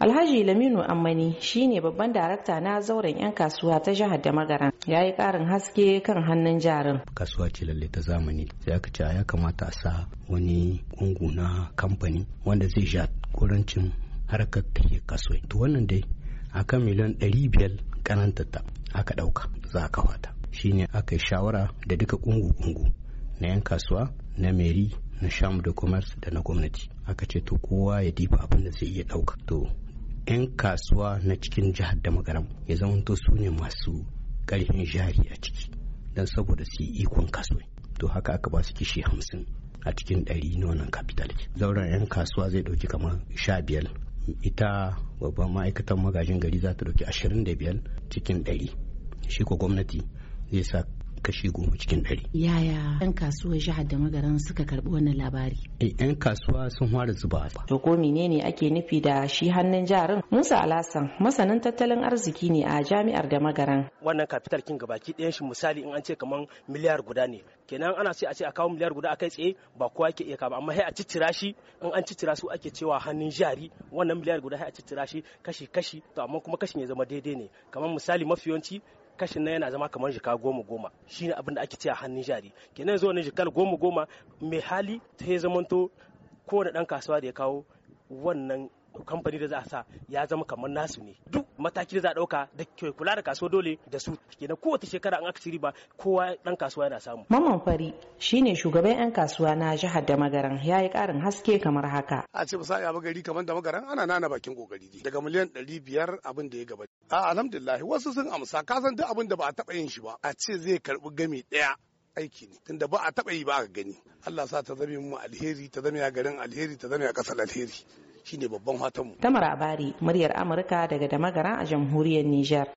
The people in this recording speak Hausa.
alhaji laminu ammani shine babban darakta na zauren 'yan kasuwa ta jihar da magara ya yi karin haske kan hannun jarin kasuwa ce lalle ta zamani sai aka ce ya kamata a sa wani kungu na kamfani wanda zai sha kurancin harkar ke kasuwa to wannan dai akan miliyan biyar karanta ta aka ɗauka za a fata shine aka yi shawara da duka kungu-kungu na 'yan kasuwa na meri na sham da commerce da na gwamnati aka ce to kowa ya difa abin da zai iya ɗauka to 'yan kasuwa na cikin jihar da magaram ya zamanto su ne masu ƙarfin jari a ciki don saboda su yi ikon kasuwa to haka aka ba su kishi hamsin a cikin ɗari na wannan capital zauren 'yan kasuwa zai ɗauki kamar sha biyar ita babban ma'aikatan magajin gari za ta ɗauki ashirin da biyar cikin ɗari shi ko gwamnati zai sa kashi goma cikin ɗari. Yaya 'yan kasuwa jihar da magaran suka karɓi wannan labari? 'yan eh, kasuwa sun fara zuba. To ko menene ake nufi da shi hannun jarin? Musa Alhassan masanin tattalin arziki ne a jami'ar da magaran. Wannan kafital kin gabaki ɗayan shi misali in an ce kamar miliyar guda ne. Kenan ana sai a ce a kawo miliyar guda a kai tsaye ba kowa ke iya kama amma sai a ciccira shi in an ciccira su ake cewa hannun jari wannan miliyar guda sai a ciccira shi kashi kashi to amma kuma kashin ya zama daidai ne kamar misali mafi yawanci kashin nan yana zama kamar jika goma goma shine abin da ake cewa hannun jari kenan zuwa ne jikar goma goma mai hali ta ya zamanto kowane dan kasuwa da ya kawo wannan kamfani da za a sa ya zama kamar nasu ne matakin da za a ɗauka da kula da kasuwa dole da su kenan kowace shekara an aka ci riba kowa ɗan kasuwa yana samu. Mamman Fari shine shugaban 'yan kasuwa na jihar da magaran ya yi ƙarin haske kamar haka. A ce misali a magari kamar da magaran ana nana bakin kokari daga miliyan ɗari biyar abin da ya gaba. A alhamdulillah wasu sun amsa Ka san duk abin da ba a taɓa yin shi ba a ce zai karɓi gami ɗaya aiki ne tunda ba a taɓa yi ba a gani Allah sa ta zame mu alheri ta zame a garin alheri ta zame a ƙasar alheri shine babban fatanmu. Tamara Abari, muryar Amurka daga Damagara a jamhuriyar Nijar.